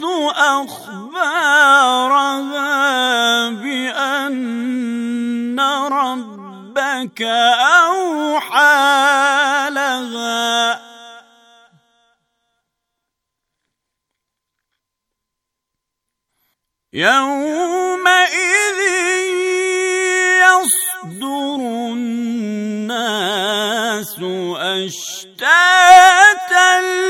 أخبارها بأن ربك أوحى لها يومئذ يصدر الناس أشتاتا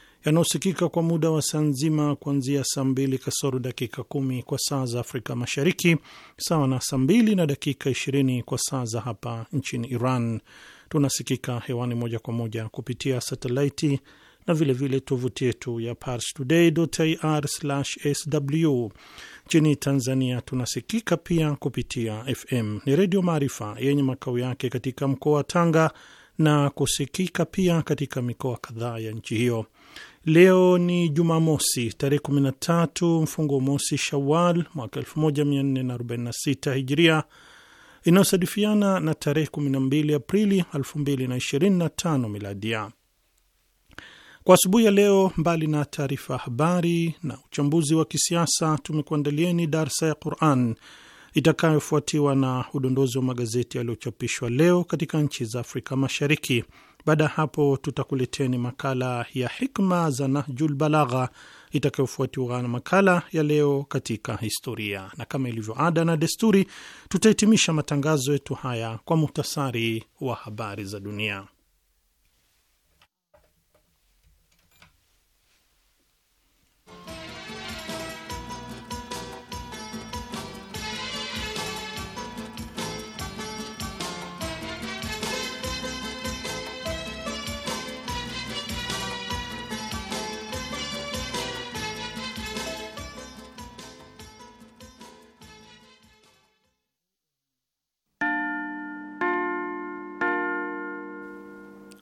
yanayosikika kwa muda wa saa nzima kuanzia saa mbili kasoro dakika kumi kwa saa za Afrika Mashariki, sawa na saa mbili na dakika ishirini kwa saa za hapa nchini Iran. Tunasikika hewani moja kwa moja kupitia satelaiti na vilevile tovuti yetu ya parstoday.ir/sw. Nchini Tanzania tunasikika pia kupitia FM ni Redio Maarifa yenye makao yake katika mkoa wa Tanga na kusikika pia katika mikoa kadhaa ya nchi hiyo. Leo ni Jumamosi tarehe 13 mfungo mosi Shawal mwaka 1446 Hijria, inayosadifiana na tarehe 12 Aprili 2025 Miladia. Kwa asubuhi ya leo, mbali na taarifa habari na uchambuzi wa kisiasa, tumekuandalieni darsa ya Quran itakayofuatiwa na udondozi wa magazeti yaliyochapishwa leo katika nchi za Afrika Mashariki. Baada ya hapo, tutakuleteni makala ya hikma za Nahjul Balagha itakayofuatiwa na makala ya leo katika historia, na kama ilivyo ada na desturi, tutahitimisha matangazo yetu haya kwa muhtasari wa habari za dunia.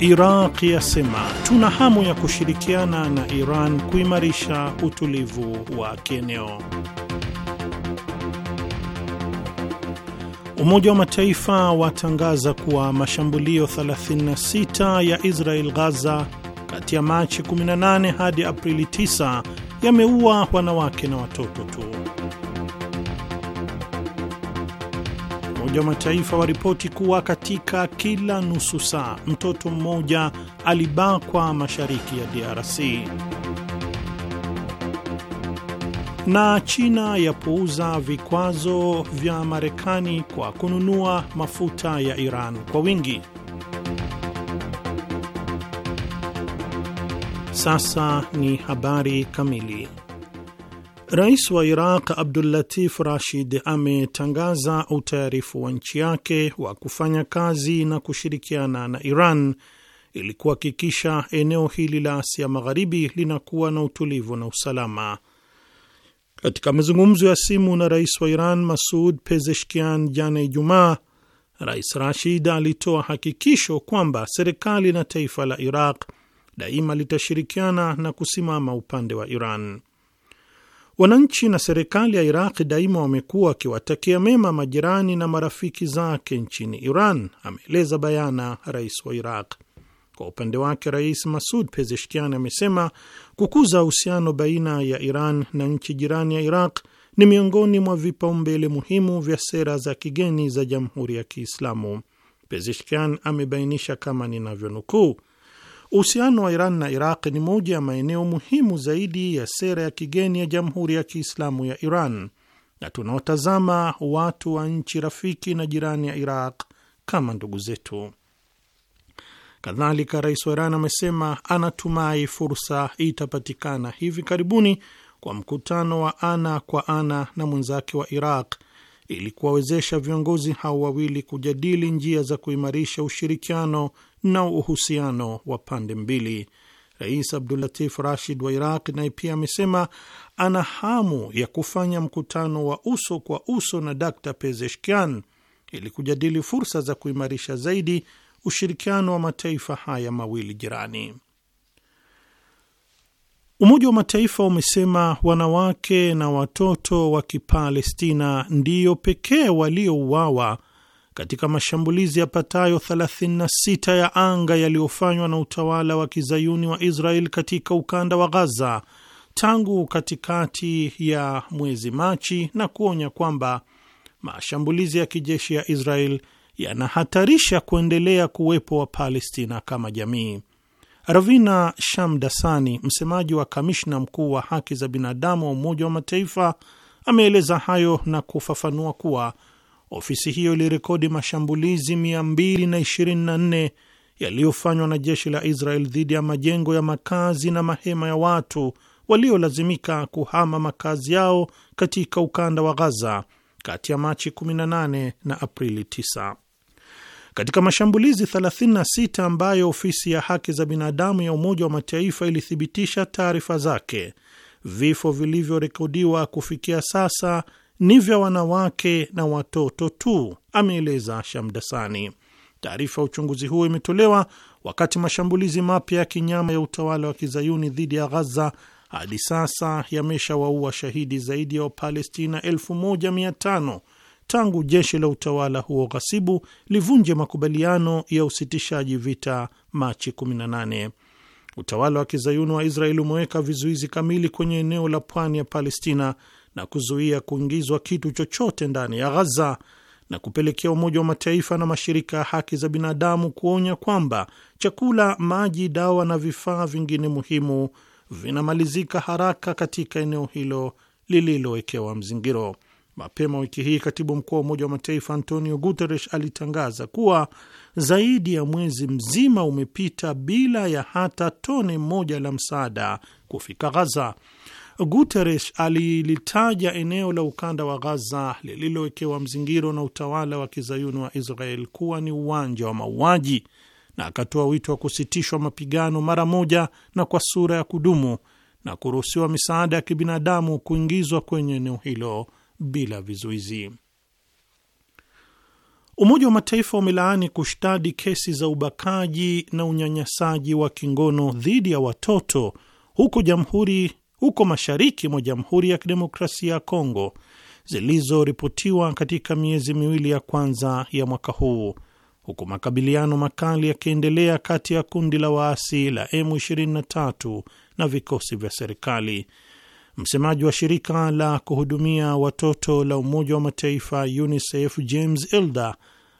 iraq yasema tuna hamu ya kushirikiana na Iran kuimarisha utulivu wa kieneo. Umoja wa Mataifa watangaza kuwa mashambulio 36 ya Israel Gaza kati ya Machi 18 hadi Aprili 9 yameua wanawake na watoto tu. Umoja wa Mataifa waripoti kuwa katika kila nusu saa mtoto mmoja alibakwa mashariki ya DRC. Na China yapuuza vikwazo vya Marekani kwa kununua mafuta ya Iran kwa wingi. Sasa ni habari kamili. Rais wa Iraq Abdulatif Rashid ametangaza utayarifu wa nchi yake wa kufanya kazi na kushirikiana na Iran ili kuhakikisha eneo hili la Asia Magharibi linakuwa na utulivu na usalama. Katika mazungumzo ya simu na rais wa Iran Masud Pezeshkian jana Ijumaa, Rais Rashid alitoa hakikisho kwamba serikali na taifa la Iraq daima litashirikiana na kusimama upande wa Iran. Wananchi na serikali ya Iraqi daima wamekuwa wakiwatakia mema majirani na marafiki zake nchini Iran, ameeleza bayana rais wa Iraq. Kwa upande wake, Rais Masud Pezeshkian amesema kukuza uhusiano baina ya Iran na nchi jirani ya Iraq ni miongoni mwa vipaumbele muhimu vya sera za kigeni za Jamhuri ya Kiislamu. Pezeshkian amebainisha kama ninavyonukuu Uhusiano wa Iran na Iraq ni moja ya maeneo muhimu zaidi ya sera ya kigeni ya Jamhuri ya Kiislamu ya Iran, na tunaotazama watu wa nchi rafiki na jirani ya Iraq kama ndugu zetu. Kadhalika, rais wa Iran amesema anatumai fursa itapatikana hivi karibuni kwa mkutano wa ana kwa ana na mwenzake wa Iraq ili kuwawezesha viongozi hao wawili kujadili njia za kuimarisha ushirikiano na uhusiano wa pande mbili. Rais Abdulatif Rashid wa Iraq naye pia amesema ana hamu ya kufanya mkutano wa uso kwa uso na Dr Pezeshkian ili kujadili fursa za kuimarisha zaidi ushirikiano wa mataifa haya mawili jirani. Umoja wa Mataifa umesema wanawake na watoto wa Kipalestina ndiyo pekee waliouawa katika mashambulizi yapatayo 36 ya anga yaliyofanywa na utawala wa kizayuni wa Israel katika ukanda wa Ghaza tangu katikati ya mwezi Machi na kuonya kwamba mashambulizi ya kijeshi ya Israel yanahatarisha kuendelea kuwepo wa Palestina kama jamii. Ravina Shamdasani, msemaji wa kamishna mkuu wa haki za binadamu wa Umoja wa Mataifa, ameeleza hayo na kufafanua kuwa ofisi hiyo ilirekodi mashambulizi 224 yaliyofanywa na jeshi la Israel dhidi ya majengo ya makazi na mahema ya watu waliolazimika kuhama makazi yao katika ukanda wa Gaza kati ya Machi 18 na Aprili 9. Katika mashambulizi 36 ambayo ofisi ya haki za binadamu ya Umoja wa Mataifa ilithibitisha taarifa zake, vifo vilivyorekodiwa kufikia sasa ni vya wanawake na watoto tu, ameeleza Shamdasani. Taarifa ya uchunguzi huo imetolewa wakati mashambulizi mapya ya kinyama ya utawala wa kizayuni dhidi ya Ghaza hadi sasa yameshawaua shahidi zaidi ya Wapalestina 15 tangu jeshi la utawala huo ghasibu livunje makubaliano ya usitishaji vita Machi 18. Utawala wa kizayuni wa Israeli umeweka vizuizi kamili kwenye eneo la pwani ya Palestina na kuzuia kuingizwa kitu chochote ndani ya Ghaza na kupelekea Umoja wa Mataifa na mashirika ya haki za binadamu kuonya kwamba chakula, maji, dawa na vifaa vingine muhimu vinamalizika haraka katika eneo hilo lililowekewa mzingiro. Mapema wiki hii katibu mkuu wa Umoja wa Mataifa Antonio Guterres alitangaza kuwa zaidi ya mwezi mzima umepita bila ya hata tone moja la msaada kufika Ghaza. Guterres alilitaja eneo la ukanda wa Ghaza lililowekewa mzingiro na utawala wa kizayuni wa Israel kuwa ni uwanja wa mauaji na akatoa wito wa kusitishwa mapigano mara moja na kwa sura ya kudumu na kuruhusiwa misaada ya kibinadamu kuingizwa kwenye eneo hilo bila vizuizi. Umoja wa Mataifa umelaani kushtadi kesi za ubakaji na unyanyasaji wa kingono dhidi ya watoto huku Jamhuri huko mashariki mwa Jamhuri ya Kidemokrasia ya Kongo zilizoripotiwa katika miezi miwili ya kwanza ya mwaka huu, huku makabiliano makali yakiendelea kati ya kundi la waasi la M23 na vikosi vya serikali. Msemaji wa shirika la kuhudumia watoto la Umoja wa Mataifa UNICEF James Elder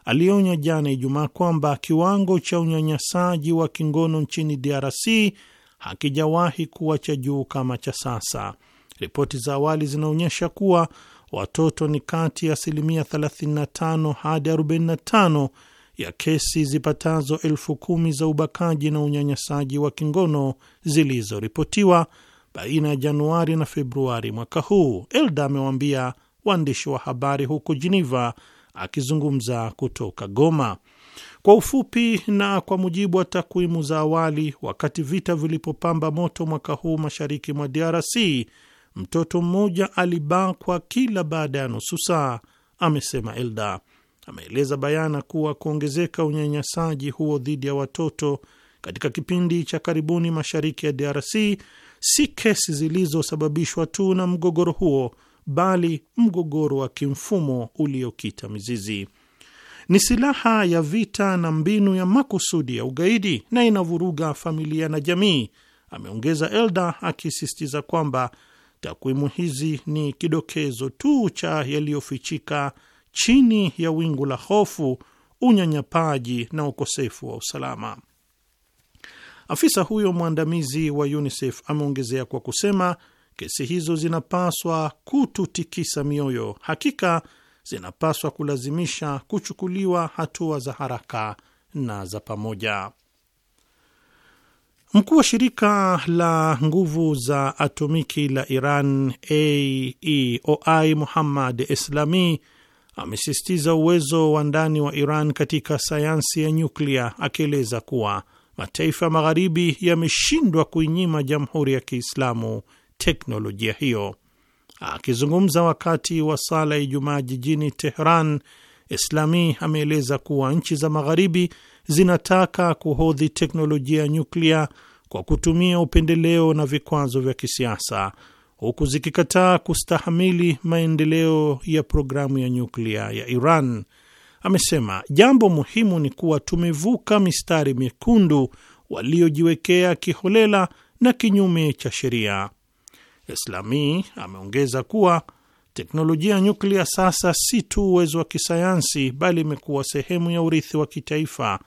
alionya jana Ijumaa kwamba kiwango cha unyanyasaji wa kingono nchini DRC hakijawahi kuwa cha juu kama cha sasa. Ripoti za awali zinaonyesha kuwa watoto ni kati ya asilimia 35 hadi 45 ya kesi zipatazo elfu kumi za ubakaji na unyanyasaji wa kingono zilizoripotiwa baina ya Januari na Februari mwaka huu, Elda amewaambia waandishi wa habari huko Jiniva akizungumza kutoka Goma. Kwa ufupi na kwa mujibu wa takwimu za awali, wakati vita vilipopamba moto mwaka huu mashariki mwa DRC, mtoto mmoja alibakwa kila baada ya nusu saa, amesema Elda. Ameeleza bayana kuwa kuongezeka unyanyasaji huo dhidi ya watoto katika kipindi cha karibuni mashariki ya DRC si kesi zilizosababishwa tu na mgogoro huo, bali mgogoro wa kimfumo uliokita mizizi ni silaha ya vita na mbinu ya makusudi ya ugaidi na inavuruga familia na jamii, ameongeza Elda akisisitiza kwamba takwimu hizi ni kidokezo tu cha yaliyofichika chini ya wingu la hofu, unyanyapaji na ukosefu wa usalama. Afisa huyo mwandamizi wa UNICEF ameongezea kwa kusema kesi hizo zinapaswa kututikisa mioyo. Hakika zinapaswa kulazimisha kuchukuliwa hatua za haraka na za pamoja. Mkuu wa shirika la nguvu za atomiki la Iran AEOI Muhammad Islami amesisitiza uwezo wa ndani wa Iran katika sayansi ya nyuklia akieleza kuwa mataifa magharibi yameshindwa kuinyima Jamhuri ya Kiislamu teknolojia hiyo. Akizungumza wakati wa sala ya Ijumaa jijini Tehran, Islami ameeleza kuwa nchi za Magharibi zinataka kuhodhi teknolojia ya nyuklia kwa kutumia upendeleo na vikwazo vya kisiasa huku zikikataa kustahamili maendeleo ya programu ya nyuklia ya Iran. Amesema jambo muhimu ni kuwa tumevuka mistari mekundu waliojiwekea kiholela na kinyume cha sheria Islami ameongeza kuwa teknolojia ya nyuklia sasa si tu uwezo wa kisayansi, bali imekuwa sehemu ya urithi wa kitaifa,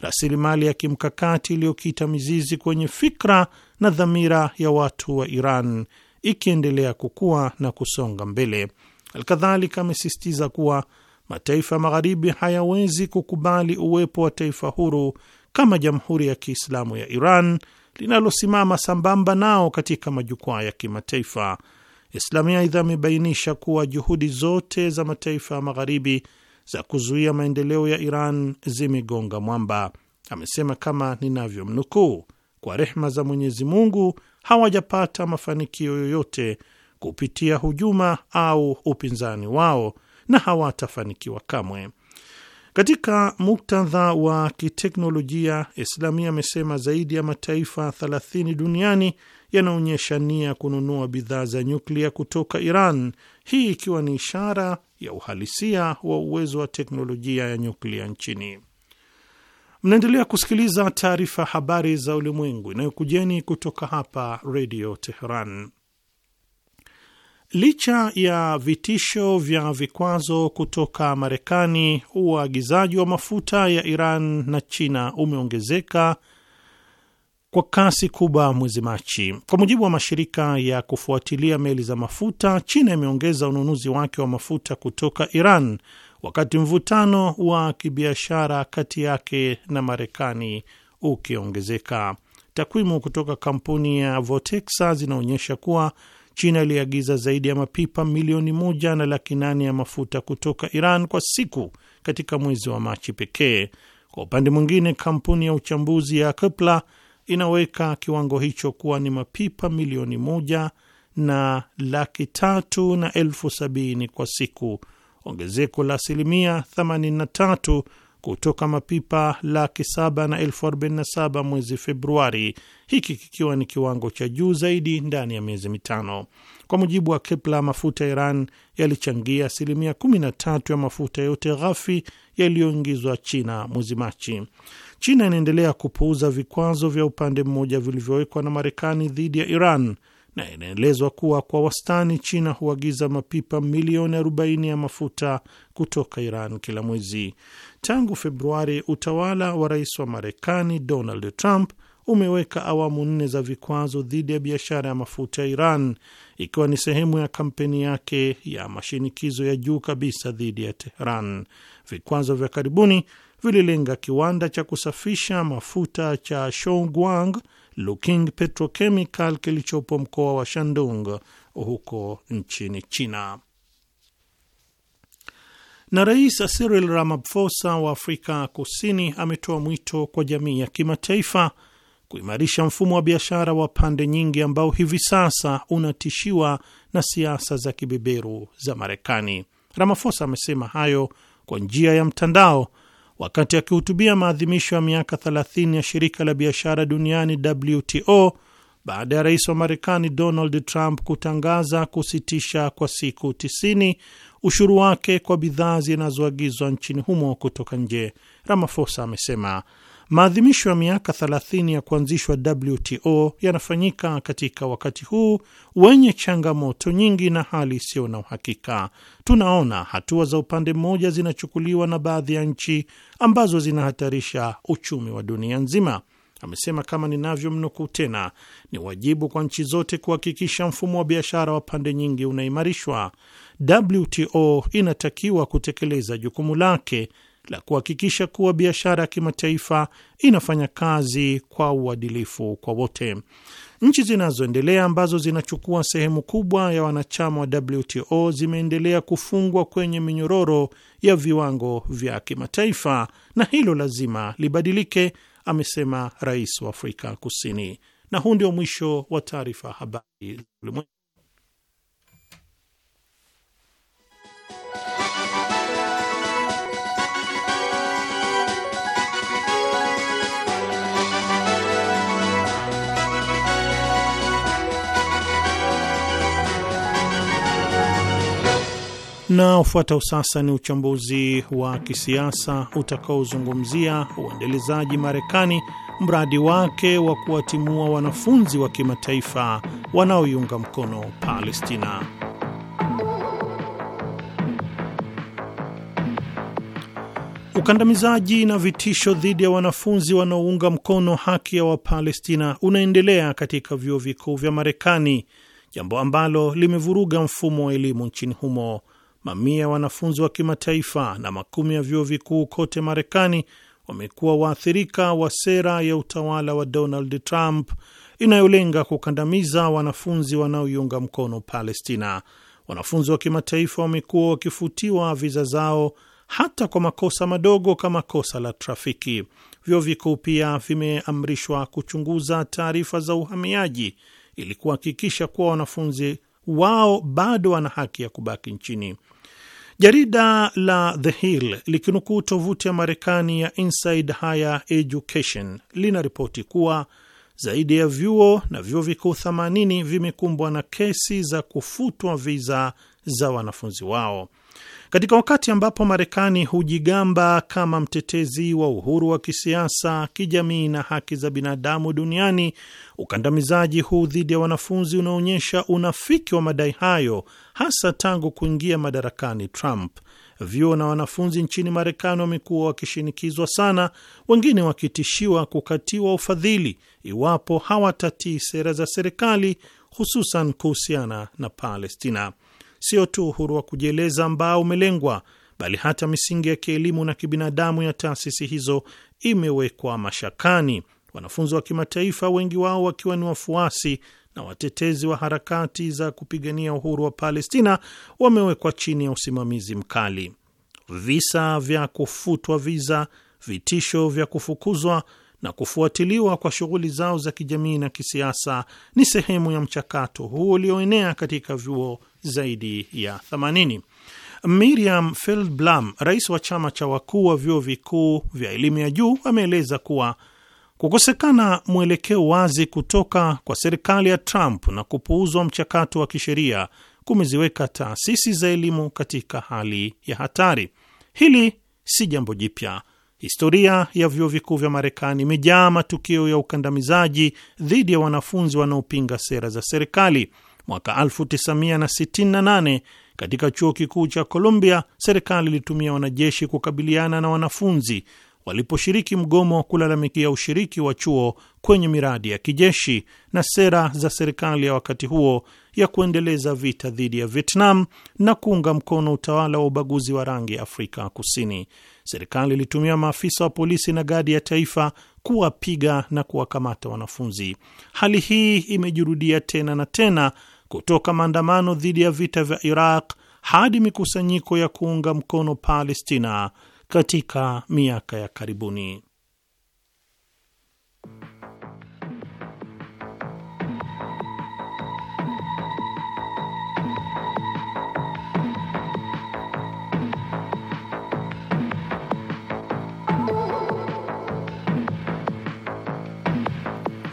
rasilimali ya kimkakati iliyokita mizizi kwenye fikra na dhamira ya watu wa Iran, ikiendelea kukua na kusonga mbele. Alkadhalika amesisitiza kuwa mataifa ya Magharibi hayawezi kukubali uwepo wa taifa huru kama Jamhuri ya Kiislamu ya Iran linalosimama sambamba nao katika majukwaa ya kimataifa. Islamia aidha amebainisha kuwa juhudi zote za mataifa ya magharibi za kuzuia maendeleo ya Iran zimegonga mwamba. Amesema kama ninavyomnukuu, kwa rehma za Mwenyezi Mungu hawajapata mafanikio yoyote kupitia hujuma au upinzani wao na hawatafanikiwa kamwe. Katika muktadha wa kiteknolojia, Islamia amesema zaidi ya mataifa 30 duniani yanaonyesha nia kununua bidhaa za nyuklia kutoka Iran, hii ikiwa ni ishara ya uhalisia wa uwezo wa teknolojia ya nyuklia nchini. Mnaendelea kusikiliza taarifa habari za ulimwengu inayokujeni kutoka hapa Redio Teheran. Licha ya vitisho vya vikwazo kutoka Marekani, uagizaji wa mafuta ya Iran na China umeongezeka kwa kasi kubwa mwezi Machi. Kwa mujibu wa mashirika ya kufuatilia meli za mafuta, China imeongeza ununuzi wake wa mafuta kutoka Iran wakati mvutano wa kibiashara kati yake na Marekani ukiongezeka. Takwimu kutoka kampuni ya Votexa zinaonyesha kuwa China iliagiza zaidi ya mapipa milioni moja na laki nane ya mafuta kutoka Iran kwa siku katika mwezi wa Machi pekee. Kwa upande mwingine, kampuni ya uchambuzi ya Kepler inaweka kiwango hicho kuwa ni mapipa milioni moja na laki tatu na elfu sabini kwa siku, ongezeko la asilimia 83 kutoka mapipa laki saba na elfu arobaini na saba mwezi Februari, hiki kikiwa ni kiwango cha juu zaidi ndani ya miezi mitano. Kwa mujibu wa Kepler, mafuta ya Iran yalichangia asilimia 13 ya mafuta yote ghafi yaliyoingizwa China mwezi Machi. China inaendelea kupuuza vikwazo vya upande mmoja vilivyowekwa na Marekani dhidi ya Iran na inaelezwa kuwa kwa wastani China huagiza mapipa milioni 40 ya mafuta kutoka Iran kila mwezi tangu Februari, utawala wa rais wa Marekani Donald Trump umeweka awamu nne za vikwazo dhidi ya biashara ya mafuta ya Iran, ikiwa ni sehemu ya kampeni yake ya mashinikizo ya juu kabisa dhidi ya Teheran. Vikwazo vya karibuni vililenga kiwanda cha kusafisha mafuta cha Shouguang Luking Petrochemical kilichopo mkoa wa Shandong huko nchini China. Na Rais Cyril Ramaphosa wa Afrika Kusini ametoa mwito kwa jamii ya kimataifa kuimarisha mfumo wa biashara wa pande nyingi ambao hivi sasa unatishiwa na siasa za kibeberu za Marekani. Ramaphosa amesema hayo kwa njia ya mtandao wakati akihutubia maadhimisho ya miaka 30 ya shirika la biashara duniani WTO baada ya rais wa Marekani Donald Trump kutangaza kusitisha kwa siku 90 ushuru wake kwa bidhaa zinazoagizwa nchini humo kutoka nje. Ramaphosa amesema maadhimisho ya miaka 30 ya kuanzishwa WTO yanafanyika katika wakati huu wenye changamoto nyingi na hali isiyo na uhakika. Tunaona hatua za upande mmoja zinachukuliwa na baadhi ya nchi ambazo zinahatarisha uchumi wa dunia nzima. Amesema kama ninavyomnukuu tena, ni wajibu kwa nchi zote kuhakikisha mfumo wa biashara wa pande nyingi unaimarishwa. WTO inatakiwa kutekeleza jukumu lake la kuhakikisha kuwa biashara ya kimataifa inafanya kazi kwa uadilifu kwa wote. Nchi zinazoendelea ambazo zinachukua sehemu kubwa ya wanachama wa WTO zimeendelea kufungwa kwenye minyororo ya viwango vya kimataifa, na hilo lazima libadilike, amesema rais wa Afrika Kusini. Na huu ndio mwisho wa taarifa habari za ulimwengu. Na ufuatao sasa ni uchambuzi wa kisiasa utakaozungumzia uendelezaji Marekani mradi wake wa kuwatimua wanafunzi wa kimataifa wanaoiunga mkono Palestina. Ukandamizaji na vitisho dhidi ya wanafunzi wanaounga mkono haki ya Wapalestina unaendelea katika vyuo vikuu vya Marekani, jambo ambalo limevuruga mfumo wa elimu nchini humo mamia ya wanafunzi wa kimataifa na makumi ya vyuo vikuu kote Marekani wamekuwa waathirika wa sera ya utawala wa Donald Trump inayolenga kukandamiza wanafunzi wanaoiunga mkono Palestina. Wanafunzi wa kimataifa wamekuwa wakifutiwa viza zao hata kwa makosa madogo kama kosa la trafiki. Vyuo vikuu pia vimeamrishwa kuchunguza taarifa za uhamiaji ili kuhakikisha kuwa wanafunzi wao bado wana haki ya kubaki nchini. Jarida la The Hill likinukuu tovuti ya Marekani ya Inside Higher Education lina ripoti kuwa zaidi ya vyuo na vyuo vikuu 80 vimekumbwa na kesi za kufutwa viza za wanafunzi wao. Katika wakati ambapo Marekani hujigamba kama mtetezi wa uhuru wa kisiasa, kijamii na haki za binadamu duniani, ukandamizaji huu dhidi ya wanafunzi unaonyesha unafiki wa madai hayo, hasa tangu kuingia madarakani Trump. Vyuo na wanafunzi nchini Marekani wamekuwa wakishinikizwa sana, wengine wakitishiwa kukatiwa ufadhili iwapo hawatatii sera za serikali, hususan kuhusiana na Palestina sio tu uhuru wa kujieleza ambao umelengwa, bali hata misingi ya kielimu na kibinadamu ya taasisi hizo imewekwa mashakani. Wanafunzi wa kimataifa, wengi wao wakiwa ni wafuasi na watetezi wa harakati za kupigania uhuru wa Palestina, wamewekwa chini ya usimamizi mkali. Visa vya kufutwa viza, vitisho vya kufukuzwa na kufuatiliwa kwa shughuli zao za kijamii na kisiasa ni sehemu ya mchakato huu ulioenea katika vyuo zaidi ya 80. Miriam Feldblum, rais wa chama cha wakuu wa vyuo vikuu vya elimu ya juu, ameeleza kuwa kukosekana mwelekeo wazi kutoka kwa serikali ya Trump na kupuuzwa mchakato wa kisheria kumeziweka taasisi za elimu katika hali ya hatari. Hili si jambo jipya. Historia ya vyuo vikuu vya Marekani imejaa matukio ya ukandamizaji dhidi ya wanafunzi wanaopinga sera za serikali. Mwaka 1968 katika chuo kikuu cha Columbia, serikali ilitumia wanajeshi kukabiliana na wanafunzi waliposhiriki mgomo wa kulalamikia ushiriki wa chuo kwenye miradi ya kijeshi na sera za serikali ya wakati huo ya kuendeleza vita dhidi ya Vietnam na kuunga mkono utawala wa ubaguzi wa rangi Afrika Kusini. Serikali ilitumia maafisa wa polisi na gadi ya taifa kuwapiga na kuwakamata wanafunzi. Hali hii imejirudia tena na tena kutoka maandamano dhidi ya vita vya Iraq hadi mikusanyiko ya kuunga mkono Palestina katika miaka ya karibuni.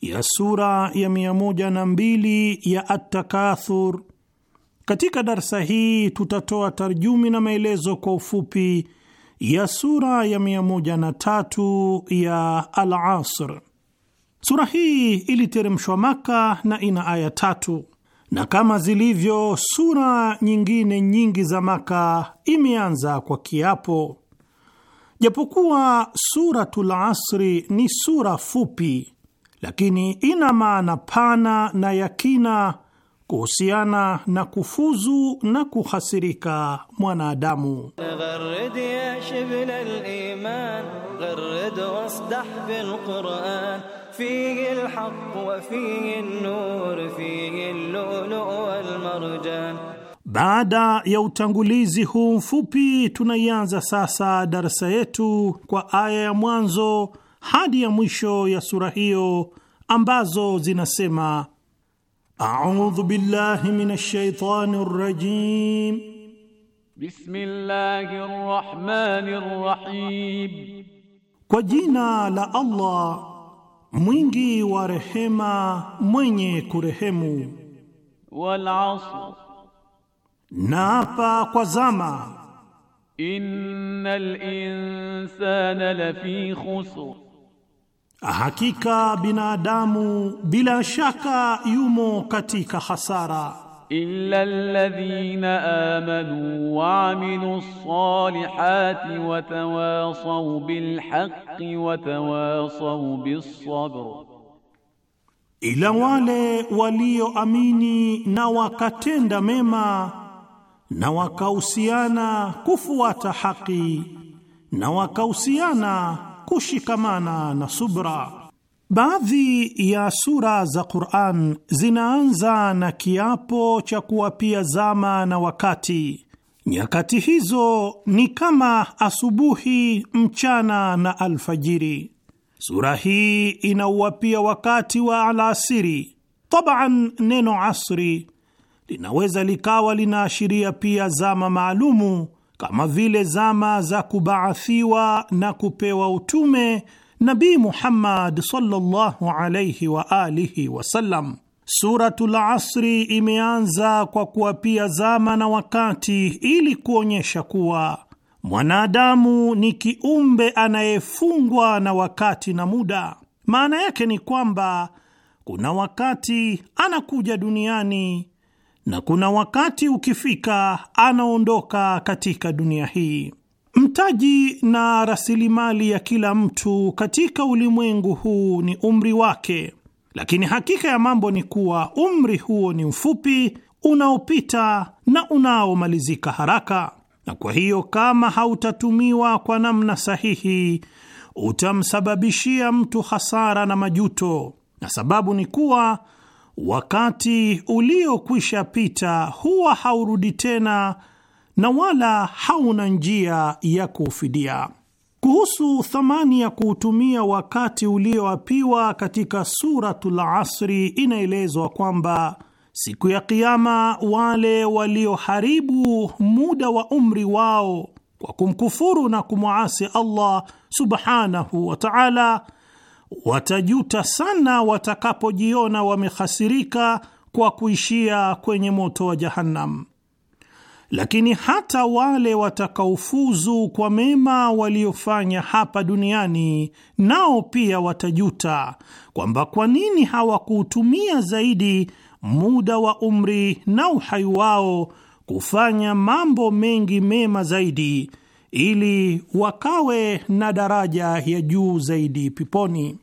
ya sura ya mia moja na mbili ya at Katika darsa hii tutatoa tarjumi na maelezo kwa ufupi ya sura ya mia moja na tatu ya Al-Asr. Sura hii iliteremshwa Maka na ina aya tatu, na kama zilivyo sura nyingine nyingi za Maka imeanza kwa kiapo. Japokuwa Suratul Asri ni sura fupi lakini ina maana pana na yakina kuhusiana na kufuzu na kuhasirika mwanadamu. Baada ya utangulizi huu mfupi, tunaianza sasa darasa yetu kwa aya ya mwanzo hadi ya mwisho ya sura hiyo ambazo zinasema: audhu billahi minash shaitani rrajim bismillahir rahmanir rahim, kwa jina la Allah mwingi wa rehema mwenye kurehemu. Wal asr, naapa kwa zama. Innal insana lafi khusr Hakika binadamu bila shaka yumo katika hasara. Illa alladhina amanu wa amilu ssalihati wa tawasaw bil wa tawasaw bis ila wale walioamini na wakatenda mema na wakahusiana kufuata haki na wakahusiana kushikamana na subra. Baadhi ya sura za Qur'an zinaanza na kiapo cha kuwapia zama na wakati. Nyakati hizo ni kama asubuhi, mchana na alfajiri. Sura hii inauwapia wakati wa alasiri. Taban, neno asri linaweza likawa linaashiria pia zama maalumu kama vile zama za kubaathiwa na kupewa utume Nabi Muhammad sallallahu alayhi wa alihi wasallam. Suratul Asri imeanza kwa kuwapia zama na wakati ili kuonyesha kuwa mwanadamu ni kiumbe anayefungwa na wakati na muda. Maana yake ni kwamba kuna wakati anakuja duniani na kuna wakati ukifika anaondoka katika dunia hii. Mtaji na rasilimali ya kila mtu katika ulimwengu huu ni umri wake, lakini hakika ya mambo ni kuwa umri huo ni mfupi, unaopita na unaomalizika haraka, na kwa hiyo kama hautatumiwa kwa namna sahihi utamsababishia mtu hasara na majuto, na sababu ni kuwa wakati uliokwisha pita huwa haurudi tena na wala hauna njia ya kuufidia. Kuhusu thamani ya kuutumia wakati ulioapiwa katika Suratul Asri, inaelezwa kwamba siku ya Kiama, wale walioharibu muda wa umri wao kwa kumkufuru na kumwasi Allah subhanahu wa ta'ala watajuta sana watakapojiona wamehasirika kwa kuishia kwenye moto wa Jahannam. Lakini hata wale watakaofuzu kwa mema waliofanya hapa duniani, nao pia watajuta kwamba kwa nini hawakuutumia zaidi muda wa umri na uhai wao kufanya mambo mengi mema zaidi ili wakawe na daraja ya juu zaidi piponi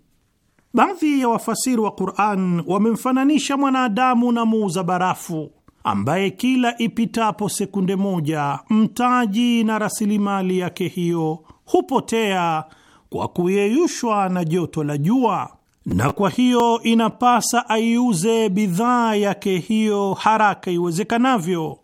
Baadhi ya wafasiri wa Qur'an wamemfananisha mwanadamu na muuza barafu ambaye kila ipitapo sekunde moja mtaji na rasilimali yake hiyo hupotea kwa kuyeyushwa na joto la jua, na kwa hiyo inapasa aiuze bidhaa yake hiyo haraka iwezekanavyo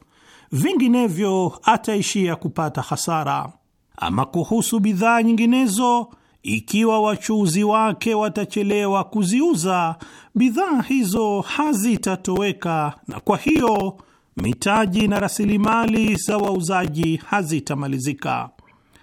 vinginevyo ataishia kupata hasara. Ama kuhusu bidhaa nyinginezo, ikiwa wachuuzi wake watachelewa kuziuza bidhaa hizo, hazitatoweka na kwa hiyo mitaji na rasilimali za wauzaji hazitamalizika.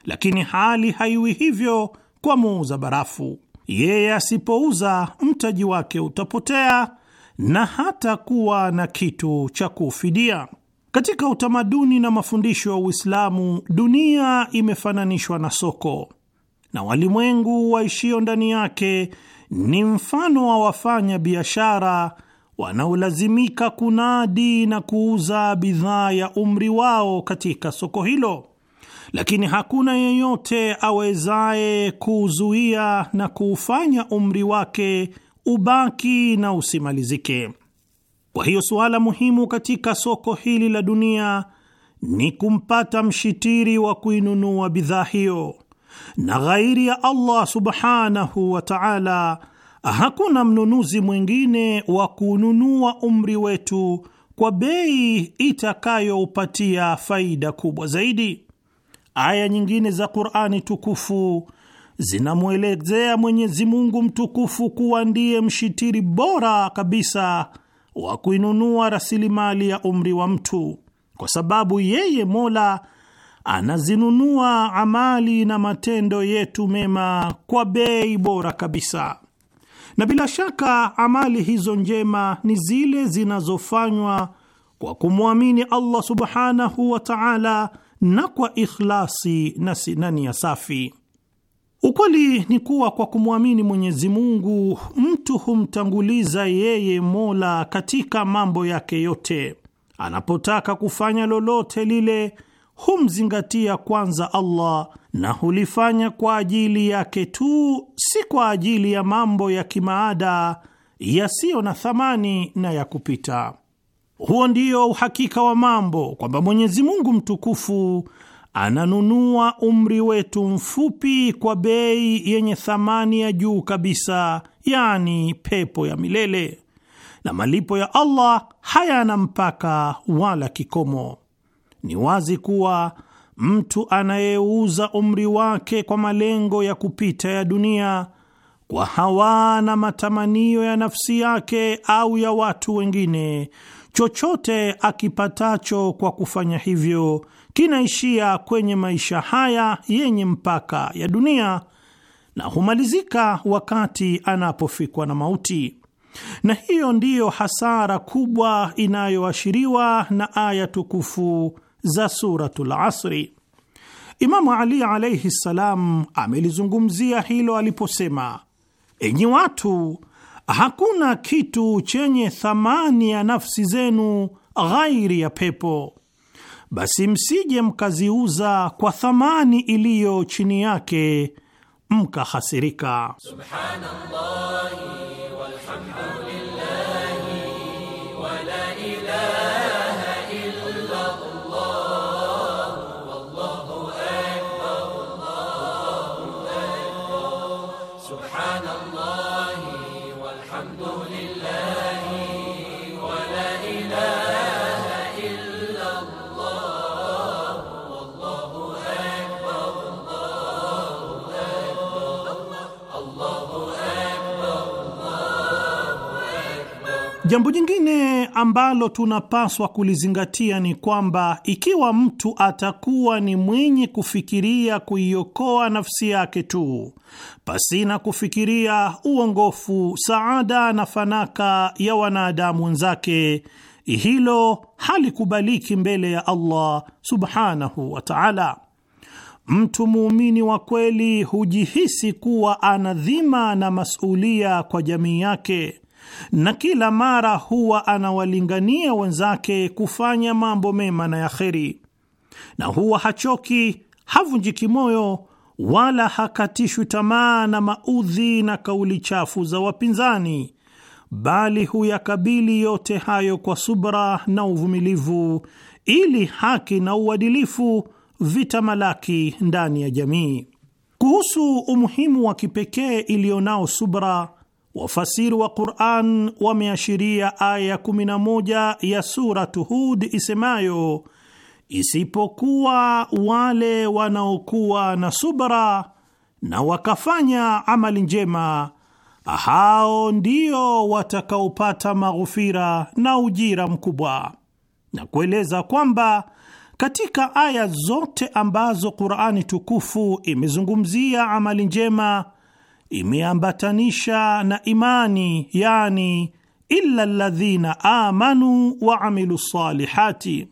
Lakini hali haiwi hivyo kwa muuza barafu. Yeye asipouza, mtaji wake utapotea na hata kuwa na kitu cha kufidia. Katika utamaduni na mafundisho ya Uislamu, dunia imefananishwa na soko na walimwengu waishio ndani yake ni mfano wa wafanya biashara wanaolazimika kunadi na kuuza bidhaa ya umri wao katika soko hilo, lakini hakuna yeyote awezaye kuuzuia na kuufanya umri wake ubaki na usimalizike. Kwa hiyo suala muhimu katika soko hili la dunia ni kumpata mshitiri wa kuinunua bidhaa hiyo, na ghairi ya Allah subhanahu wa ta'ala, hakuna mnunuzi mwingine wa kununua umri wetu kwa bei itakayoupatia faida kubwa zaidi. Aya nyingine za Qur'ani tukufu zinamwelezea Mwenyezi Mungu mtukufu kuwa ndiye mshitiri bora kabisa wa kuinunua rasilimali ya umri wa mtu, kwa sababu yeye Mola anazinunua amali na matendo yetu mema kwa bei bora kabisa. Na bila shaka amali hizo njema ni zile zinazofanywa kwa kumwamini Allah subhanahu wa ta'ala na kwa ikhlasi na nia safi. Ukweli ni kuwa kwa kumwamini Mwenyezi Mungu mtu humtanguliza yeye Mola katika mambo yake yote. Anapotaka kufanya lolote lile humzingatia kwanza Allah na hulifanya kwa ajili yake tu, si kwa ajili ya mambo ya kimaada yasiyo na thamani na ya kupita. Huo ndio uhakika wa mambo kwamba Mwenyezi Mungu mtukufu ananunua umri wetu mfupi kwa bei yenye thamani ya juu kabisa, yani pepo ya milele, na malipo ya Allah hayana mpaka wala kikomo. Ni wazi kuwa mtu anayeuza umri wake kwa malengo ya kupita ya dunia, kwa hawa na matamanio ya nafsi yake au ya watu wengine, chochote akipatacho kwa kufanya hivyo kinaishia kwenye maisha haya yenye mpaka ya dunia na humalizika wakati anapofikwa na mauti, na hiyo ndiyo hasara kubwa inayoashiriwa na aya tukufu za Suratul Asri. Imamu Ali alaihi ssalam amelizungumzia hilo aliposema, enyi watu, hakuna kitu chenye thamani ya nafsi zenu ghairi ya pepo basi msije mkaziuza kwa thamani iliyo chini yake mkahasirika. Subhanallah. Jambo jingine ambalo tunapaswa kulizingatia ni kwamba ikiwa mtu atakuwa ni mwenye kufikiria kuiokoa nafsi yake tu pasina kufikiria uongofu, saada na fanaka ya wanadamu wenzake, hilo halikubaliki mbele ya Allah subhanahu wa ta'ala. Mtu muumini wa kweli hujihisi kuwa ana dhima na masulia kwa jamii yake na kila mara huwa anawalingania wenzake kufanya mambo mema na ya kheri, na huwa hachoki, havunjiki moyo wala hakatishwi tamaa na maudhi na kauli chafu za wapinzani, bali huyakabili yote hayo kwa subra na uvumilivu, ili haki na uadilifu vitamalaki ndani ya jamii. Kuhusu umuhimu wa kipekee iliyonao subra Wafasiri wa Quran wameashiria aya 11 ya Suratu Hud isemayo, isipokuwa wale wanaokuwa na subra na wakafanya amali njema, hao ndio watakaopata maghufira na ujira mkubwa, na kueleza kwamba katika aya zote ambazo Qur'ani tukufu imezungumzia amali njema imeambatanisha na imani, yani illa alladhina amanu wa amilu salihati,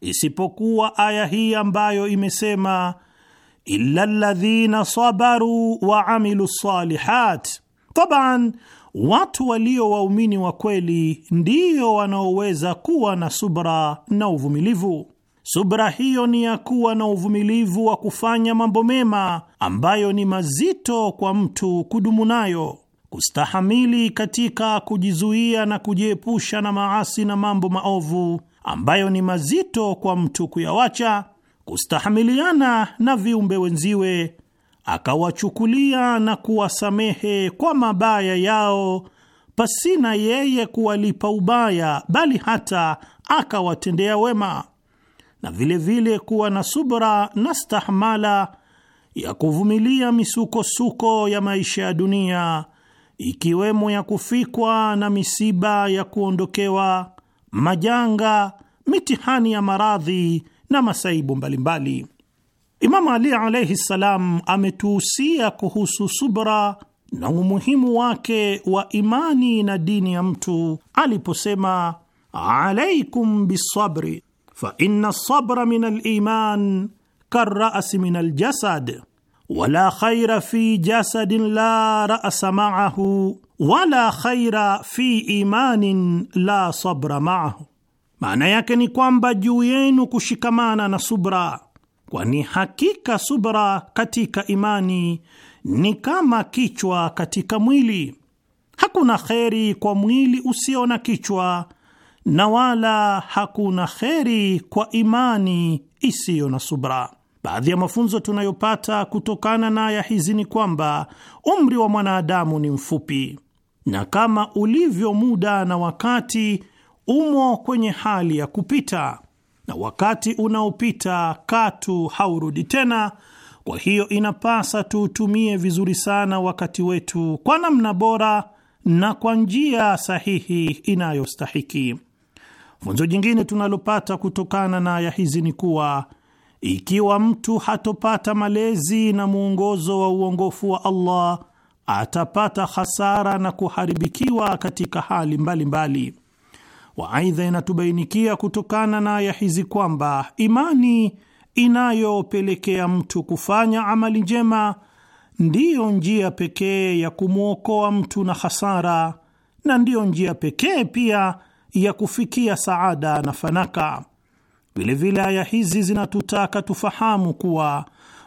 isipokuwa aya hii ambayo imesema illa alladhina sabaru wa amilu salihat. Taban, watu walio waumini wa kweli ndiyo wanaoweza kuwa na subra na uvumilivu. Subra hiyo ni ya kuwa na uvumilivu wa kufanya mambo mema ambayo ni mazito kwa mtu kudumu nayo, kustahamili katika kujizuia na kujiepusha na maasi na mambo maovu ambayo ni mazito kwa mtu kuyawacha, kustahamiliana na viumbe wenziwe, akawachukulia na kuwasamehe kwa mabaya yao pasina yeye kuwalipa ubaya, bali hata akawatendea wema na vilevile vile kuwa na subra na stahmala ya kuvumilia misukosuko ya maisha ya dunia, ikiwemo ya kufikwa na misiba ya kuondokewa, majanga, mitihani ya maradhi na masaibu mbalimbali. Imamu Ali alaihi ssalam ametuhusia kuhusu subra na umuhimu wake wa imani na dini ya mtu aliposema, alaikum bisabri fa inna sabra min aliman karrasi min aljasad wala khaira fi jasadin la rasa maahu wala khaira fi imanin la sabra maahu, maana yake ni kwamba juu yenu kushikamana na subra, kwani hakika subra katika imani ni kama kichwa katika mwili. Hakuna kheri kwa mwili usio na kichwa na wala hakuna kheri kwa imani isiyo na subra. Baadhi ya mafunzo tunayopata kutokana na aya hizi ni kwamba umri wa mwanadamu ni mfupi, na kama ulivyo muda na wakati, umo kwenye hali ya kupita, na wakati unaopita katu haurudi tena. Kwa hiyo inapasa tuutumie vizuri sana wakati wetu kwa namna bora na kwa njia sahihi inayostahiki. Funzo jingine tunalopata kutokana na aya hizi ni kuwa ikiwa mtu hatopata malezi na mwongozo wa uongofu wa Allah atapata hasara na kuharibikiwa katika hali mbalimbali wa Aidha, inatubainikia kutokana na aya hizi kwamba imani inayopelekea mtu kufanya amali njema ndiyo njia pekee ya kumwokoa mtu na hasara na ndiyo njia pekee pia ya kufikia saada na fanaka. Vilevile aya hizi zinatutaka tufahamu kuwa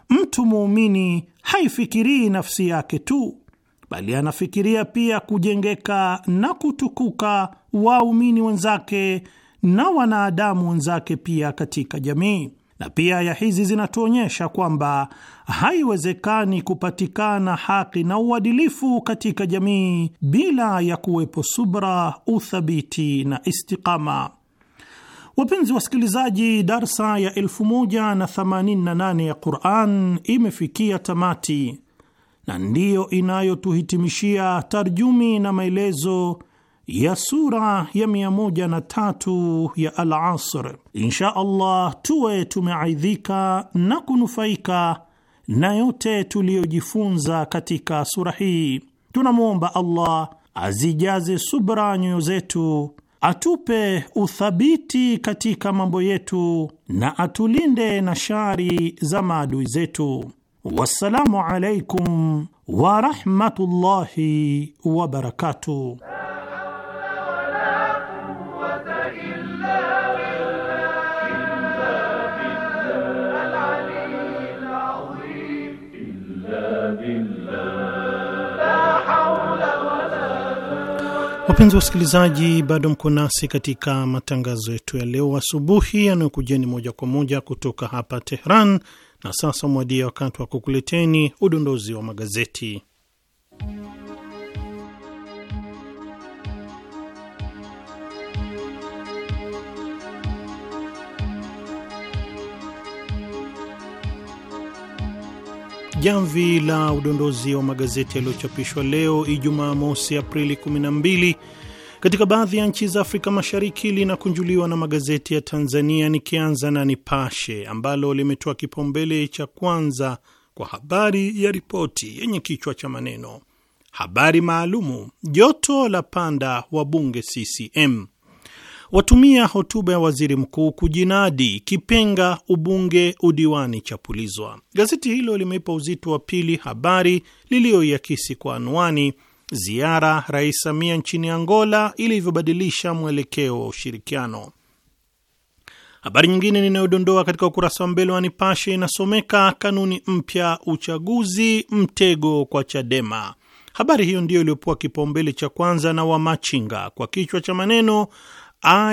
mtu muumini haifikirii nafsi yake tu, bali anafikiria pia kujengeka na kutukuka waumini wenzake na wanadamu wenzake pia katika jamii. Na pia aya hizi zinatuonyesha kwamba haiwezekani kupatikana haki na uadilifu katika jamii bila ya kuwepo subra, uthabiti na istiqama. Wapenzi wasikilizaji, darsa ya 1088 ya Quran imefikia tamati na ndiyo inayotuhitimishia tarjumi na maelezo ya sura ya mia moja na tatu ya Al-Asr. Insha Allah tuwe tumeaidhika na kunufaika na yote tuliyojifunza katika sura hii. Tunamwomba Allah azijaze subra nyoyo zetu, atupe uthabiti katika mambo yetu na atulinde na shari za maadui zetu. Wassalamu alaikum warahmatullahi wabarakatuh. Wapenzi wa wasikilizaji, bado mko nasi katika matangazo yetu ya leo asubuhi yanayokujeni moja kwa moja kutoka hapa Tehran, na sasa mwadia wakati wa kukuleteni udondozi wa magazeti. Jamvi la udondozi wa magazeti yaliyochapishwa leo Ijumaa mosi Aprili 12 katika baadhi ya nchi za Afrika Mashariki linakunjuliwa na magazeti ya Tanzania, nikianza na Nipashe ambalo limetoa kipaumbele cha kwanza kwa habari ya ripoti yenye kichwa cha maneno habari maalumu, joto la panda wabunge CCM watumia hotuba ya waziri mkuu kujinadi kipenga ubunge udiwani chapulizwa. Gazeti hilo limeipa uzito wa pili habari liliyoiakisi kwa anwani ziara Rais Samia nchini Angola ilivyobadilisha mwelekeo wa ushirikiano. Habari nyingine ninayodondoa katika ukurasa wa mbele wa Nipashe inasomeka kanuni mpya uchaguzi mtego kwa Chadema. Habari hiyo ndiyo iliyopewa kipaumbele cha kwanza na Wamachinga kwa kichwa cha maneno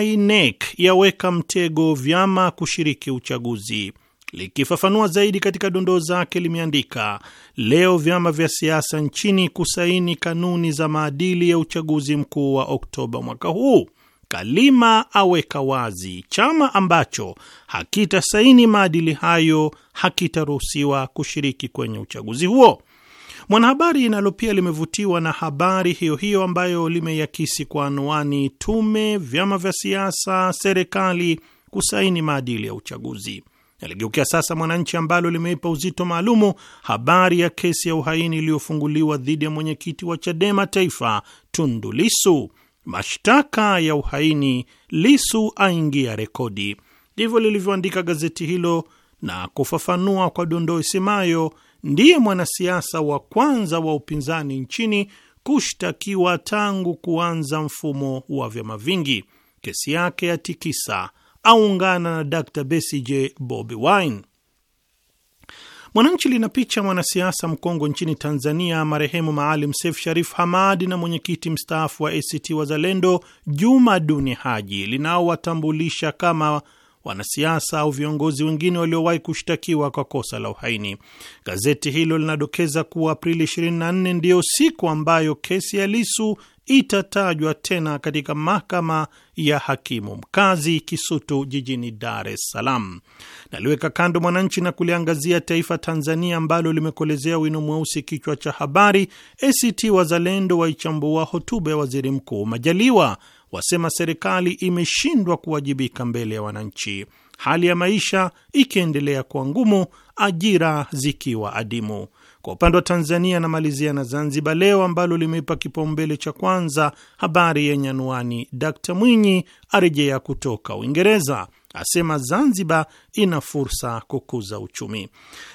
INEC yaweka mtego vyama kushiriki uchaguzi. Likifafanua zaidi katika dondoo zake limeandika leo vyama vya siasa nchini kusaini kanuni za maadili ya uchaguzi mkuu wa Oktoba mwaka huu. Kalima aweka wazi chama ambacho hakitasaini maadili hayo hakitaruhusiwa kushiriki kwenye uchaguzi huo. Mwanahabari nalo pia limevutiwa na habari hiyo hiyo ambayo limeiakisi kwa anwani, tume, vyama vya siasa, serikali kusaini maadili ya uchaguzi. Aligeukia sasa Mwananchi ambalo limeipa uzito maalumu habari ya kesi ya uhaini iliyofunguliwa dhidi ya mwenyekiti wa Chadema Taifa, Tundu Lisu. Mashtaka ya uhaini, Lisu aingia rekodi. Ndivyo lilivyoandika gazeti hilo na kufafanua kwa dondoo isemayo ndiye mwanasiasa wa kwanza wa upinzani nchini kushtakiwa tangu kuanza mfumo wa vyama vingi. Kesi yake ya tikisa aungana na Dr Besigye Bobi Wine. Mwananchi lina picha mwanasiasa mkongwe nchini Tanzania, marehemu Maalim Seif Sharif Hamad na mwenyekiti mstaafu wa ACT Wazalendo Juma Duni Haji, linaowatambulisha kama wanasiasa au viongozi wengine waliowahi kushtakiwa kwa kosa la uhaini. Gazeti hilo linadokeza kuwa Aprili 24 ndiyo siku ambayo kesi ya Lisu itatajwa tena katika mahakama ya hakimu mkazi Kisutu jijini Dar es Salaam. Naliweka kando Mwananchi na kuliangazia Taifa Tanzania ambalo limekolezea wino mweusi kichwa cha habari, ACT Wazalendo waichambua hotuba ya waziri mkuu Majaliwa wasema serikali imeshindwa kuwajibika mbele ya wananchi, hali ya maisha ikiendelea kuwa ngumu, ajira zikiwa adimu. Kwa upande wa Tanzania, namalizia na Zanzibar Leo ambalo limeipa kipaumbele cha kwanza habari yenye anwani, Dkt Mwinyi arejea kutoka Uingereza asema Zanzibar ina fursa kukuza uchumi.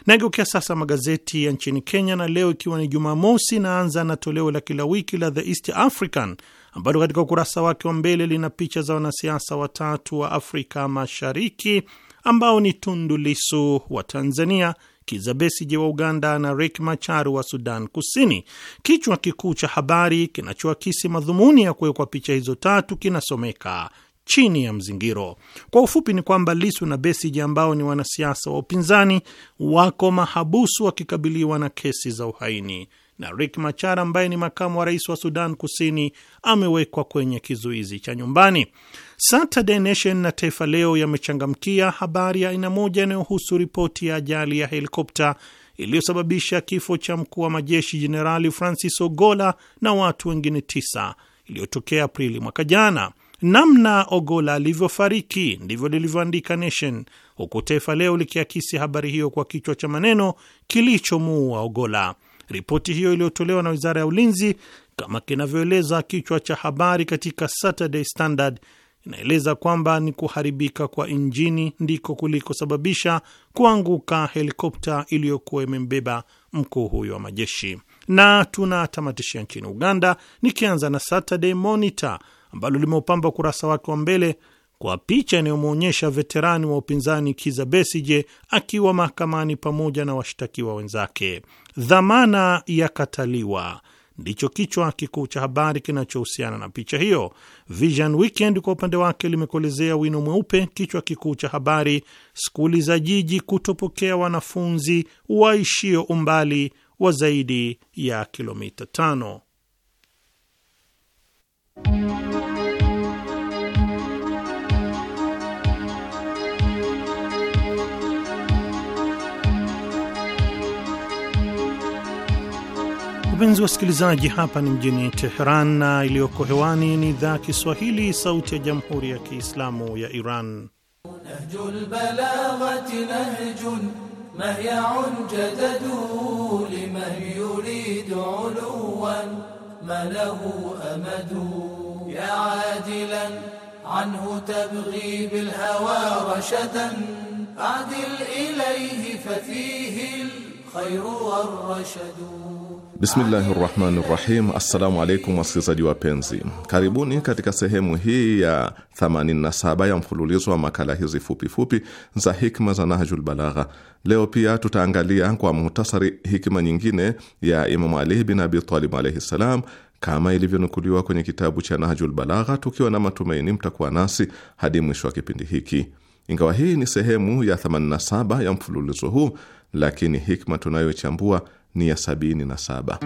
Nageukia sasa magazeti ya nchini Kenya, na leo ikiwa ni Jumamosi, naanza na toleo la kila wiki la The East African ambalo katika ukurasa wake wa mbele lina picha za wanasiasa watatu wa Afrika Mashariki ambao ni Tundu lisu wa Tanzania, Kizza Besigye wa Uganda na Riek Machar wa Sudan Kusini. Kichwa kikuu cha habari kinachoakisi madhumuni ya kuwekwa picha hizo tatu kinasomeka chini ya mzingiro. Kwa ufupi ni kwamba Lisu na Besiji ambao ni wanasiasa wa upinzani wako mahabusu wakikabiliwa na kesi za uhaini na Rik Machar ambaye ni makamu wa rais wa Sudan Kusini amewekwa kwenye kizuizi cha nyumbani. Saturday Nation na Taifa Leo yamechangamkia habari ya aina moja inayohusu ripoti ya ajali ya helikopta iliyosababisha kifo cha mkuu wa majeshi Jenerali Francis Ogola na watu wengine tisa iliyotokea Aprili mwaka jana. Namna Ogola alivyofariki ndivyo lilivyoandika Nation, huku Taifa Leo likiakisi habari hiyo kwa kichwa cha maneno kilichomuua Ogola. Ripoti hiyo iliyotolewa na wizara ya ulinzi, kama kinavyoeleza kichwa cha habari katika Saturday Standard, inaeleza kwamba ni kuharibika kwa injini ndiko kulikosababisha kuanguka helikopta iliyokuwa imembeba mkuu huyo wa majeshi. Na tunatamatishia nchini Uganda, nikianza na Saturday Monitor ambalo limeupamba ukurasa wake wa mbele kwa picha inayomwonyesha veterani wa upinzani Kiza Besije akiwa mahakamani pamoja na washtakiwa wenzake. Dhamana yakataliwa ndicho kichwa kikuu cha habari kinachohusiana na picha hiyo. Vision Weekend kwa upande wake limekolezea wino mweupe kichwa kikuu cha habari, skuli za jiji kutopokea wanafunzi waishio umbali wa zaidi ya kilomita tano. Wapenzi wasikilizaji, hapa ni mjini Teheran na iliyoko hewani ni idhaa Kiswahili sauti ya jamhuri ya Kiislamu ya Iran. Adil ilayhi fafihi Bismillahi rahmani rahim. Assalamu alaikum wasikilizaji wapenzi, karibuni katika sehemu hii ya 87 ya mfululizo wa makala hizi fupifupi za hikma za Nahjul Balagha. Leo pia tutaangalia kwa muhtasari hikma nyingine ya Imamu Ali bin Abi Talib alaihi ssalam kama ilivyonukuliwa kwenye kitabu cha Nahjul Balagha, tukiwa na matumaini mtakuwa nasi hadi mwisho wa kipindi hiki. Ingawa hii ni sehemu ya 87 ya mfululizo huu, lakini hikma tunayochambua ni ya sabini na saba.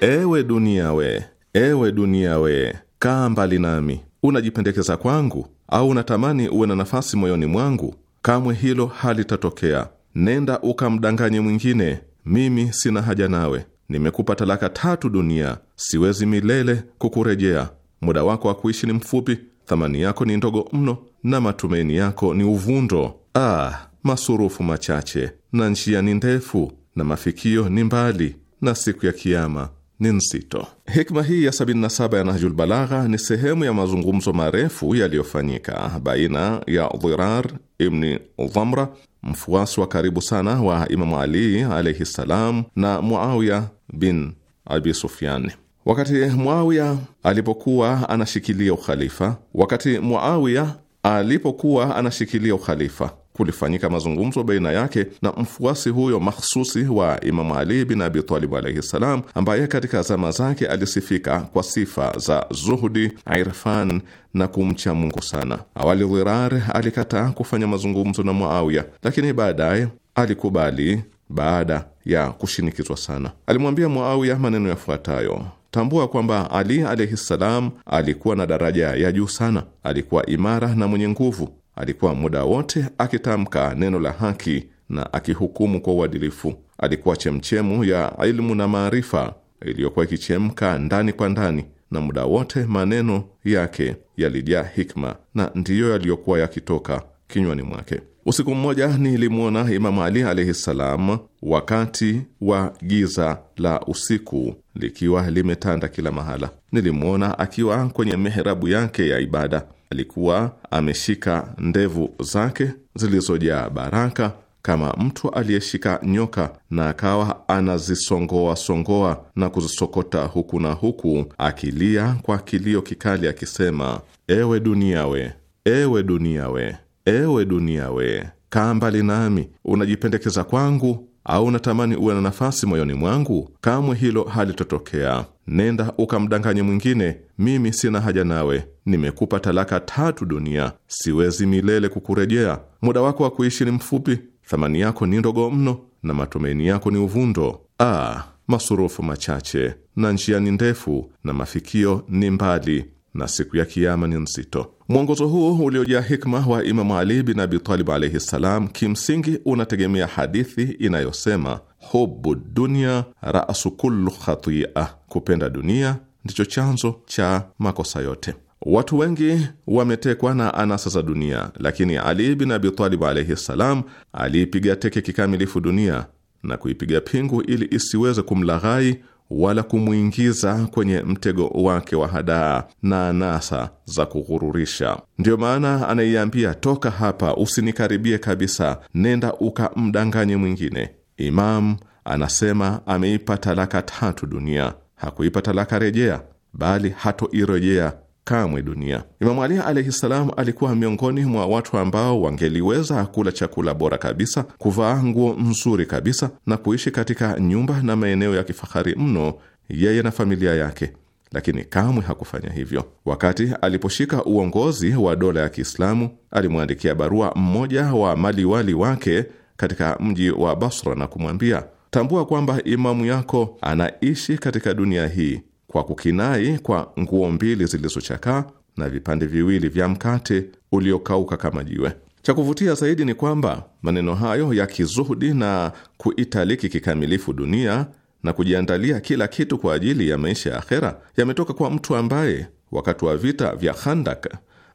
Ewe dunia we, ewe dunia we, kaa mbali nami. Unajipendekeza kwangu au unatamani uwe na nafasi moyoni mwangu? Kamwe hilo halitatokea. Nenda ukamdanganye mwingine, mimi sina haja nawe. Nimekupa talaka tatu dunia, siwezi milele kukurejea. Muda wako wa kuishi ni mfupi, thamani yako ni ndogo mno na matumaini yako ni uvundo. Ah, masurufu machache na njia ni ndefu na mafikio ni mbali na siku ya Kiama ni nzito. Hikma hii ya 77 ya Nahjul Balagha ni sehemu ya mazungumzo marefu yaliyofanyika baina ya Dhirar ibni Dhamra, mfuasi wa karibu sana wa Imamu Ali alaihi ssalam, na Muawiya bin Abi sufiani Wakati Muawiya alipokuwa anashikilia ukhalifa, wakati Muawiya alipokuwa anashikilia ukhalifa kulifanyika mazungumzo baina yake na mfuasi huyo makhususi wa Imamu Ali bin Abi Talib alaihi ssalam, ambaye katika zama zake alisifika kwa sifa za zuhudi, irfan na kumcha Mungu sana. Awali Dhirar alikataa kufanya mazungumzo na Muawiya, lakini baadaye alikubali baada ya kushinikizwa sana. Alimwambia Muawiya maneno yafuatayo: Tambua kwamba Ali alaihi ssalam alikuwa na daraja ya juu sana. Alikuwa imara na mwenye nguvu. Alikuwa muda wote akitamka neno la haki na akihukumu kwa uadilifu. Alikuwa chemchemu ya ilmu na maarifa iliyokuwa ikichemka ndani kwa ndani, na muda wote maneno yake yalijaa hikma na ndiyo yaliyokuwa yakitoka kinywani mwake. Usiku mmoja nilimwona Imamu Ali alaihi ssalam wakati wa giza la usiku likiwa limetanda kila mahala. Nilimwona akiwa kwenye mihrabu yake ya ibada, alikuwa ameshika ndevu zake zilizojaa baraka kama mtu aliyeshika nyoka na akawa anazisongoa songoa na kuzisokota huku na huku, akilia kwa kilio kikali akisema: ewe dunia we, ewe dunia we, ewe dunia we, kaa mbali nami, unajipendekeza kwangu au natamani uwe na nafasi moyoni mwangu? Kamwe hilo halitotokea. Nenda ukamdanganye mwingine, mimi sina haja nawe. Nimekupa talaka tatu dunia, siwezi milele kukurejea. Muda wako wa kuishi ni mfupi, thamani yako ni ndogo mno, na matumaini yako ni uvundo. Ah, masurufu machache na njia ni ndefu, na mafikio ni mbali na siku ya Kiama ni nzito. Mwongozo huu uliojaa hikma wa Imamu Ali bin Abi Talib alaihi ssalam, kimsingi unategemea hadithi inayosema hubu dunia rasu kullu khatia, kupenda dunia ndicho chanzo cha makosa yote. Watu wengi wametekwa na anasa za dunia, lakini Ali bin Abi Talib alaihi ssalam aliipiga teke kikamilifu dunia na kuipiga pingu ili isiweze kumlaghai wala kumwingiza kwenye mtego wake wa hadaa na anasa za kughururisha. Ndiyo maana anaiambia, toka hapa, usinikaribie kabisa, nenda ukamdanganye mwingine. Imamu anasema ameipa talaka tatu dunia, hakuipa talaka rejea, bali hatoirejea kamwe dunia. Imamu Ali alaihi salam alikuwa miongoni mwa watu ambao wangeliweza kula chakula bora kabisa, kuvaa nguo nzuri kabisa, na kuishi katika nyumba na maeneo ya kifahari mno, yeye na familia yake, lakini kamwe hakufanya hivyo. Wakati aliposhika uongozi wa dola ya Kiislamu, alimwandikia barua mmoja wa maliwali wake katika mji wa Basra na kumwambia, tambua kwamba imamu yako anaishi katika dunia hii kwa kukinai kwa nguo mbili zilizochakaa na vipande viwili vya mkate uliokauka kama jiwe. Cha kuvutia zaidi ni kwamba maneno hayo ya kizuhudi na kuitaliki kikamilifu dunia na kujiandalia kila kitu kwa ajili ya maisha ya akhera yametoka kwa mtu ambaye wakati wa vita vya Khandak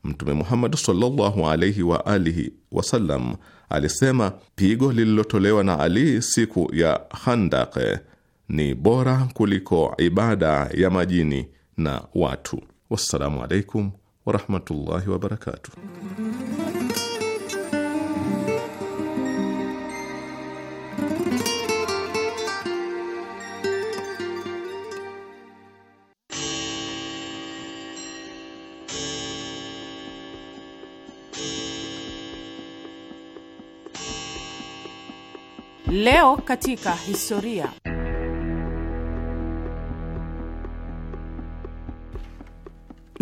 Mtume Muhammad sallallahu alaihi wa alihi wasallam alisema, pigo lililotolewa na Ali siku ya Khandaq ni bora kuliko ibada ya majini na watu. Wassalamu alaikum warahmatullahi wabarakatuh. Leo katika historia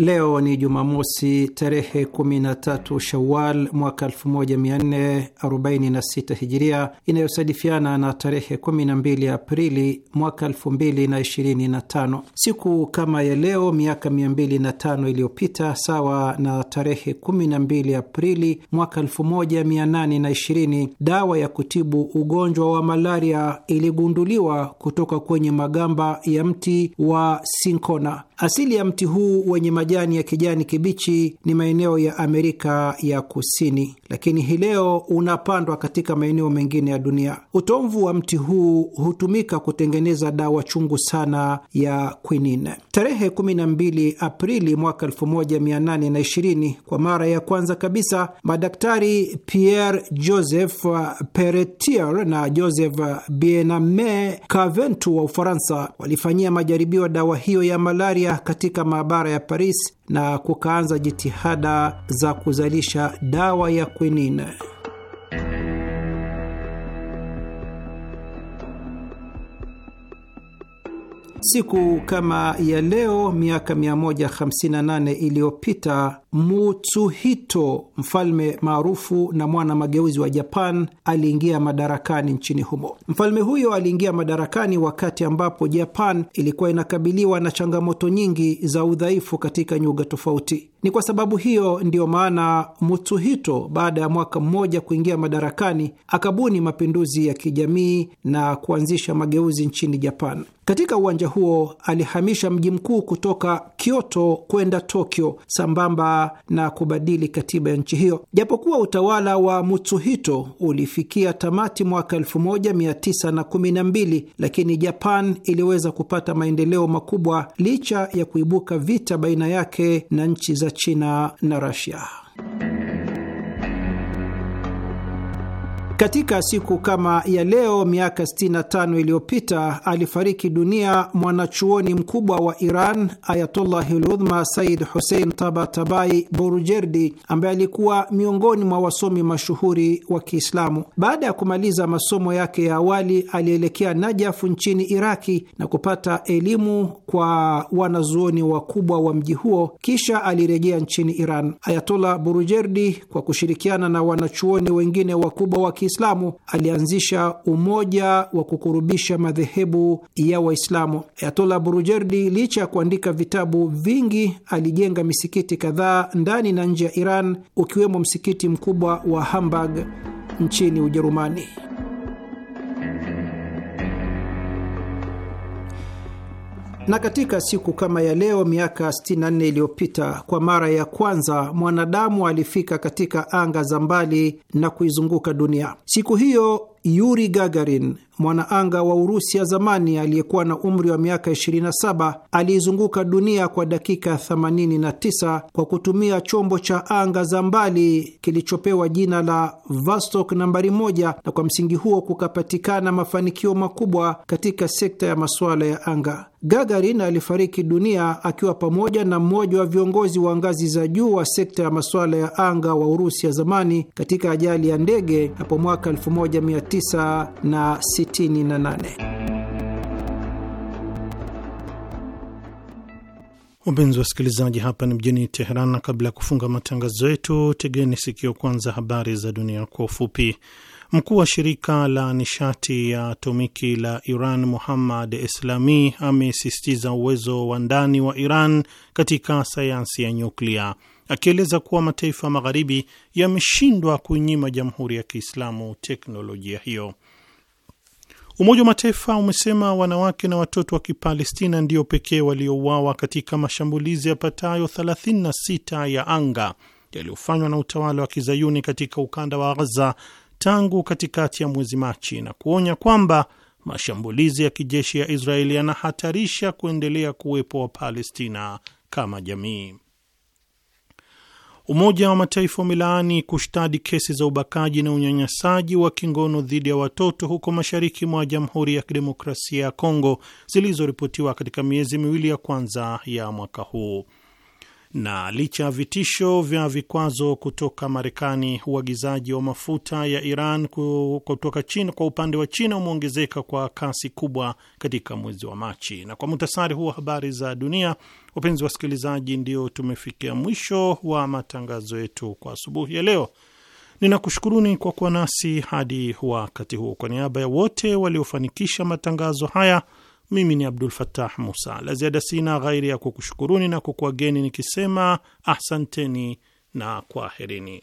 Leo ni Jumamosi tarehe 13 Shawal mwaka 1446 Hijiria, inayosadifiana na tarehe 12 Aprili mwaka 2025. Siku kama ya leo miaka 205 iliyopita, sawa na tarehe 12 Aprili mwaka 1820, dawa ya kutibu ugonjwa wa malaria iligunduliwa kutoka kwenye magamba ya mti wa sinkona. Asili ya mti huu wenye majani ya kijani kibichi ni maeneo ya Amerika ya Kusini, lakini hii leo unapandwa katika maeneo mengine ya dunia. Utomvu wa mti huu hutumika kutengeneza dawa chungu sana ya quinine Tarehe 12 Aprili mwaka 1820 kwa mara ya kwanza kabisa madaktari Pierre Joseph Peretier na Joseph Biename Caventu wa Ufaransa walifanyia majaribio dawa hiyo ya malaria katika maabara ya Paris na kukaanza jitihada za kuzalisha dawa ya kwinine. Siku kama ya leo miaka 158 iliyopita Mutsuhito, mfalme maarufu na mwana mageuzi wa Japan, aliingia madarakani nchini humo. Mfalme huyo aliingia madarakani wakati ambapo Japan ilikuwa inakabiliwa na changamoto nyingi za udhaifu katika nyuga tofauti. Ni kwa sababu hiyo ndiyo maana Mutsuhito, baada ya mwaka mmoja kuingia madarakani, akabuni mapinduzi ya kijamii na kuanzisha mageuzi nchini Japan. Katika uwanja huo alihamisha mji mkuu kutoka Kyoto kwenda Tokyo sambamba na kubadili katiba ya nchi hiyo. Japokuwa utawala wa Mutsuhito ulifikia tamati mwaka 1912 lakini Japan iliweza kupata maendeleo makubwa licha ya kuibuka vita baina yake na nchi za China na Russia. Katika siku kama ya leo miaka 65 iliyopita alifariki dunia mwanachuoni mkubwa wa Iran Ayatullahil ludhma Said Hussein Tabatabai Borujerdi, ambaye alikuwa miongoni mwa wasomi mashuhuri wa Kiislamu. Baada ya kumaliza masomo yake ya awali, alielekea Najafu nchini Iraki na kupata elimu kwa wanazuoni wakubwa wa mji huo, kisha alirejea nchini Iran. Ayatollah Borujerdi kwa kushirikiana na wanachuoni wengine wakubwa wa Kiislamu alianzisha umoja wa kukurubisha madhehebu ya Waislamu. Ayatola Burujerdi, licha ya kuandika vitabu vingi, alijenga misikiti kadhaa ndani na nje ya Iran, ukiwemo msikiti mkubwa wa Hamburg nchini Ujerumani. Na katika siku kama ya leo miaka 64 iliyopita, kwa mara ya kwanza mwanadamu alifika katika anga za mbali na kuizunguka dunia. Siku hiyo Yuri Gagarin mwanaanga wa Urusi ya zamani aliyekuwa na umri wa miaka 27 aliizunguka dunia kwa dakika 89 kwa kutumia chombo cha anga za mbali kilichopewa jina la Vostok nambari moja, na kwa msingi huo kukapatikana mafanikio makubwa katika sekta ya masuala ya anga. Gagarin alifariki dunia akiwa pamoja na mmoja wa viongozi wa ngazi za juu wa sekta ya masuala ya anga wa Urusi ya zamani katika ajali ya ndege hapo mwaka 1960. Wapenzi wa wasikilizaji, hapa ni mjini Teheran, na kabla ya kufunga matangazo yetu, tegeni sikio kwanza habari za dunia kwa ufupi. Mkuu wa shirika la nishati ya atomiki la Iran Muhammad islami amesisitiza uwezo wa ndani wa Iran katika sayansi ya nyuklia, akieleza kuwa mataifa magharibi yameshindwa kuinyima Jamhuri ya Kiislamu teknolojia hiyo. Umoja wa Mataifa umesema wanawake na watoto wa Kipalestina ndio pekee waliouawa katika mashambulizi yapatayo 36 ya anga yaliyofanywa na utawala wa kizayuni katika ukanda wa Ghaza tangu katikati ya mwezi Machi na kuonya kwamba mashambulizi ya kijeshi ya Israeli yanahatarisha kuendelea kuwepo wa Palestina kama jamii. Umoja wa Mataifa umelaani kushtadi kesi za ubakaji na unyanyasaji wa kingono dhidi ya watoto huko mashariki mwa Jamhuri ya Kidemokrasia ya Kongo zilizoripotiwa katika miezi miwili ya kwanza ya mwaka huu na licha ya vitisho vya vikwazo kutoka Marekani, uagizaji wa mafuta ya Iran kutoka China kwa upande wa China umeongezeka kwa kasi kubwa katika mwezi wa Machi. Na kwa muhtasari huu wa habari za dunia, wapenzi wasikilizaji, ndio tumefikia mwisho wa matangazo yetu kwa asubuhi ya leo. Ninakushukuruni kwa kuwa nasi hadi wakati huo. Kwa niaba ya wote waliofanikisha matangazo haya mimi ni Abdul Fattah Musa. La ziada sina ghairi ya kukushukuruni na kukuageni nikisema ahsanteni na kwaherini.